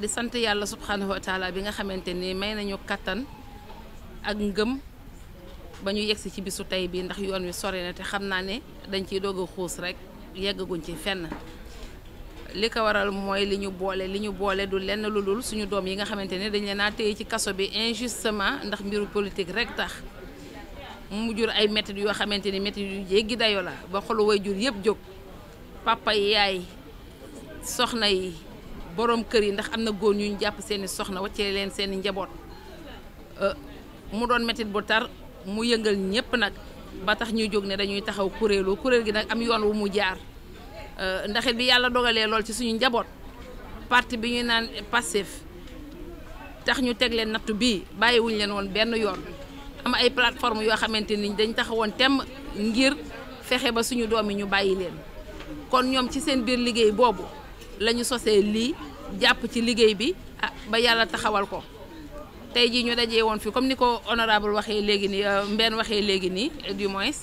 di sant yàlla subhanahu wa bi nga xamante ni may nañu kàttan ak ngëm ba ñu yegsi ci bisu tey bi ndax yoon wi sore na te xam naa ne dañ ciy doog a xuus rek yeggaguñ ci fenn li ko waral mooy li ñu boole li ñu boole du lenn lu dul suñu doom yi nga xamante ne dañ leen naa téye ci kaso bi injustement ndax mbiru politique rek tax mu jur ay métit yoo xamante ni métit yu jéggi dayo la ba xolu way jur yëpp jóg papa yaay soxna yi boroom kër yi ndax am na góor ñu jàpp seeni soxna waccee leen seeni njaboot euh, mu doon métit bu tar mu yëngal ñëpp nag ba tax ñuy jóg ne dañuy taxaw kuréelu kuréel gi nag am yoon wu mu jaar euh, ndaxit bi yàlla dogalee lool ci suñu njaboot parti bi ñu naan passif tax ñu teg leen nattu bi bàyyiwuñ leen woon benn yoon am ay plateforme yoo xamante ni dañ taxawoon temm ngir fexe ba suñu doom yi ñu bàyyi leen kon ñoom ci seen biir liggéey boobu la sosee lii jàpp ci liggéey bi a ah, ba yàlla taxawal ko tey jii ñu dajee woon fi comme ni ko honorable waxee léegi nii euh, Mbène waxee léegi nii du moins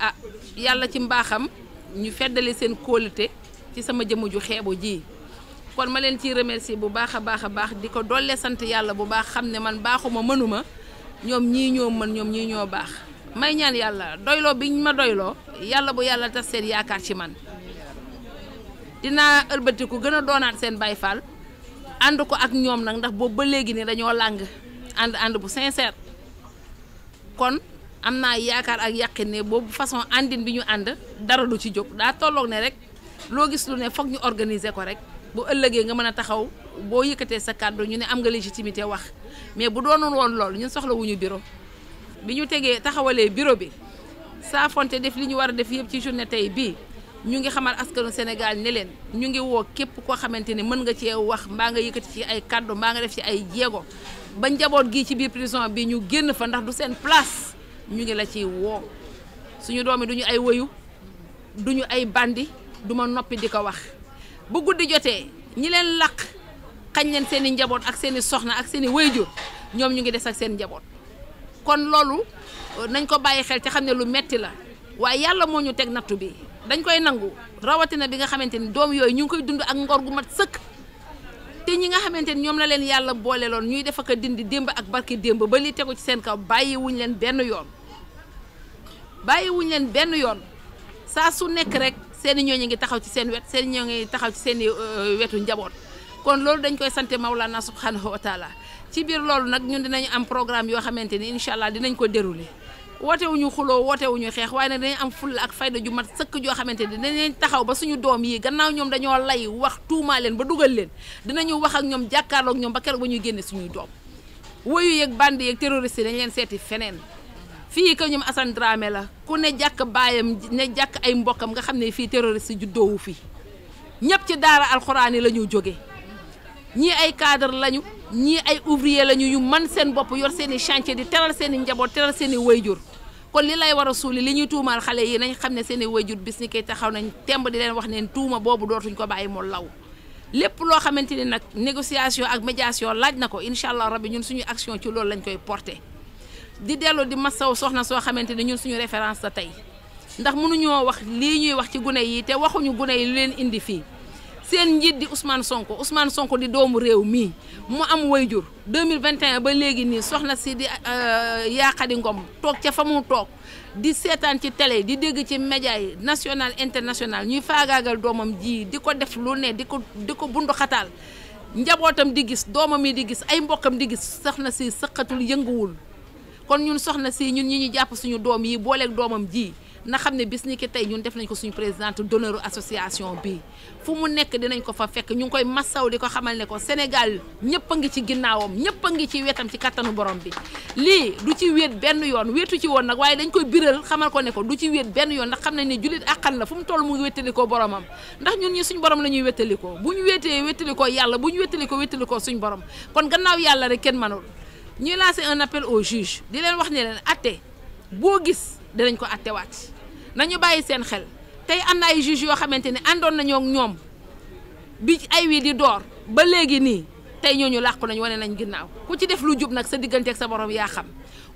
ah yàlla ci mbaaxam ñu feddali seen kóolute ci sama jëmm ju xeebu ji kon ma leen ciy remercier bu baax a baax a baax di ko dolle sant yàlla bu baax xam ne man baaxuma mënuma ñoom ñi ñoo mën ñoom ñii ñoo baax may ñaan yàlla doyloo bi ma doyloo yàlla bu yàlla tas seen yaakaar ci man dinaa ëlbatiku gën a doonaat seen Baay Faal ànd ko ak ñoom nag ndax boobu ba léegi ni dañoo làng ànd ànd bu sincère kon am naa yaakaar ak yàqin ne boobu façon àndin bi ñu ànd dara du ci jóg daa tolloog ne rek loo gis lu ne foog ñu organiser ko rek bu ëllëgee nga mën a taxaw boo yëkkatee sa kàddu ñu ne am nga légitimité wax mais bu doonul woon loolu ñu soxlawuñu bureau bi ñu tegee taxawalee bureau bi saa fonte def li ñu war a def yëpp ci journée tey bii ñu ngi xamal askanu Sénégal ne leen ñu ngi woo képp koo xamante ni mën nga cee wax mbaa nga yëkkati ci ay kàddu mbaa nga def ci ay jéego ba njaboot gi ci biir prison bi ñu génn fa ndax du seen place ñu ngi la ciy woo suñu doom yi duñu ay woyu duñu ay bandi duma noppi di ko wax bu guddi jotee ñi leen laq xañ leen seen i njaboot ak seen soxna ak seen i wayjur ñoom ñu ngi des ak seen njaboot kon loolu nañ ko bàyyi xel ci xam ne lu metti la waaye yàlla moo ñu teg nattu bi dañ koy nangu rawatina bi nga xamante ni doom yooyu ñu ngi koy dund ak ngor gu mat sëkk te ñi nga xamante ni ñoom la leen yàlla boole loon ñuy def dindi démb ak barki démb ba li tegu ci seen kaw bàyyi wuñ leen benn yoon bàyyi wuñ leen benn yoon saa su nekk rek seen i ñooñu ngi taxaw ci seen wet seen ñoo ngi taxaw ci seen i euh, wetu njaboot kon loolu dañ koy sante Maulana subhanahu wa taala ci biir loolu nag ñun dinañu am programme yoo xamante ni incha allah dinañ ko dérouler. woote wuñu xuloo woote wuñu xeex waaye nag am fulla ak fayda ju mat sëkk joo xamante ni dinañ taxaw ba suñu doom yi gannaaw ñoom dañoo lay wax tuumaa leen ba dugal leen dinañu wax ak ñoom jàkkaarloog ñoom ba keroog ba ñuy génne suñuy doom woyu yeeg bandi yeeg terroriste yi dañ leen seeti feneen fii que ñoom Assane Dramé la ku ne jàkk baayam ne jàkk ay mbokkam nga xam ne fii terroriste juddoowu fii ñëpp ci daara alxuraan yi la ñu jóge ñii ay cadre lañu ñii ay ouvrier lañu yu man seen bopp yor seen i chantier seen i njaboot teral seen i wayjur kon li lay war a suuli li ñuy tuumaal xale yi nañ xam ne seeni i wayjur bis ni kay taxaw nañ temb di leen wax neen tuuma boobu dootuñ ko bàyyi mu law lépp loo xamante ni nag négociation ak médiation laaj na ko incha rab rabbi ñun suñu action ci loolu lañ koy porté di dellu di ma saw soxna soo xamante ni ñun suñu référence la tey ndax mënuñoo wax lii ñuy wax ci gune yi te waxuñu gune yi lu leen indi fii seen njiit di Ousmane Sonko usmaan Sonko di doomu réew mii mu am wayjur 2021 ba léegi nii soxna si di euh, Yaa Khady Ngom toog ca fa mu toog di seetaan ci télé di dégg ci média yi national international ñuy faagaagal doomam ji di ko def lu ne di ko di ko bunduxataal njabootam di gis doomam yi di gis ay mbokkam di gis soxna si sëqatul yënguwul kon ñun soxna si ñun ñi ñu jàpp suñu doom yi booleeg doomam jii na xam ne bis ni ki tey ñun def nañ ko suñu présidente d'honneur association bi fu mu nekk dinañ ko fa fekk ñu ngi koy massaw di ko xamal ne ko Sénégal ñëpp a ngi ci ginnaawam ñëpp a ngi ci wetam ci kattanu borom bi lii du ci wéet benn yoon wéetu ci woon nag waaye dañ koy biral xamal ko ne ko du ci wéet benn yoon ndax xam nañ ne jullit àqan la fu mu toll mu ngi wéttalikoo boromam ndax ñun ñi suñu borom la ñuy wéttalikoo bu ñu wéetee wéttalikoo yàlla bu ñu wéttalikoo wéttalikoo suñu borom kon gannaaw yàlla rek kenn manul ñuy lancer un appel au juge di leen wax ne leen atte boo gis danañ ko attewaat nañu bàyyi seen xel tey am na ay juge yoo xamante ne àndoon nañoo ak ñoom bi ay wii di door ba léegi nii tey ñu làqu nañ wane nañ ginnaaw ku ci def lu jub nag sa digganteeg sa borom yaa xam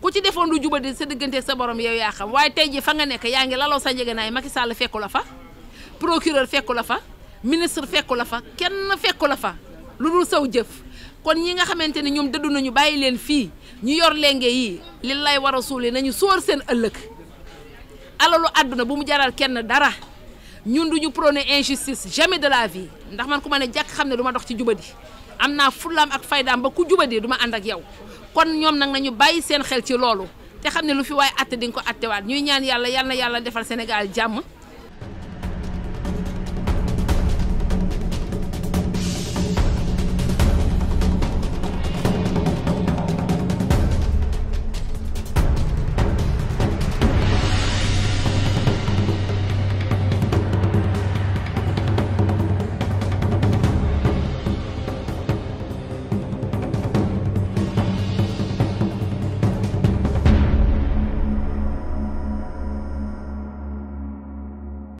ku ci defoon lu jubadi sa digganteeg sa borom yow yaa xam waaye tey ji fa nga nekk yaa ngi laloo sa njëgënaay Macky Sall fekku la fa procureur fekku la fa ministre fekku la fa kenn fekku la fa lu dul saw jëf kon ñi nga xamante ni ñoom dëddu nañu bàyyi leen fii ñu yor lenge yi li lay war a suuli nañu sóor seen ëllëg alalu àdduna bu mu jaral kenn dara ñun du ñu prôné injustice jamais de la vie ndax man ku ma ne jàkk xam ne duma ma dox ci jubadi am naa fullaam ak faydaam ba ku jubadi du ma ànd ak yow kon ñoom nag ñu bàyyi seen xel ci loolu te xam ne lu fi waaye atte di nga ko attewaat ñuy ñaan yàlla yal yàlla defal Sénégal jàmm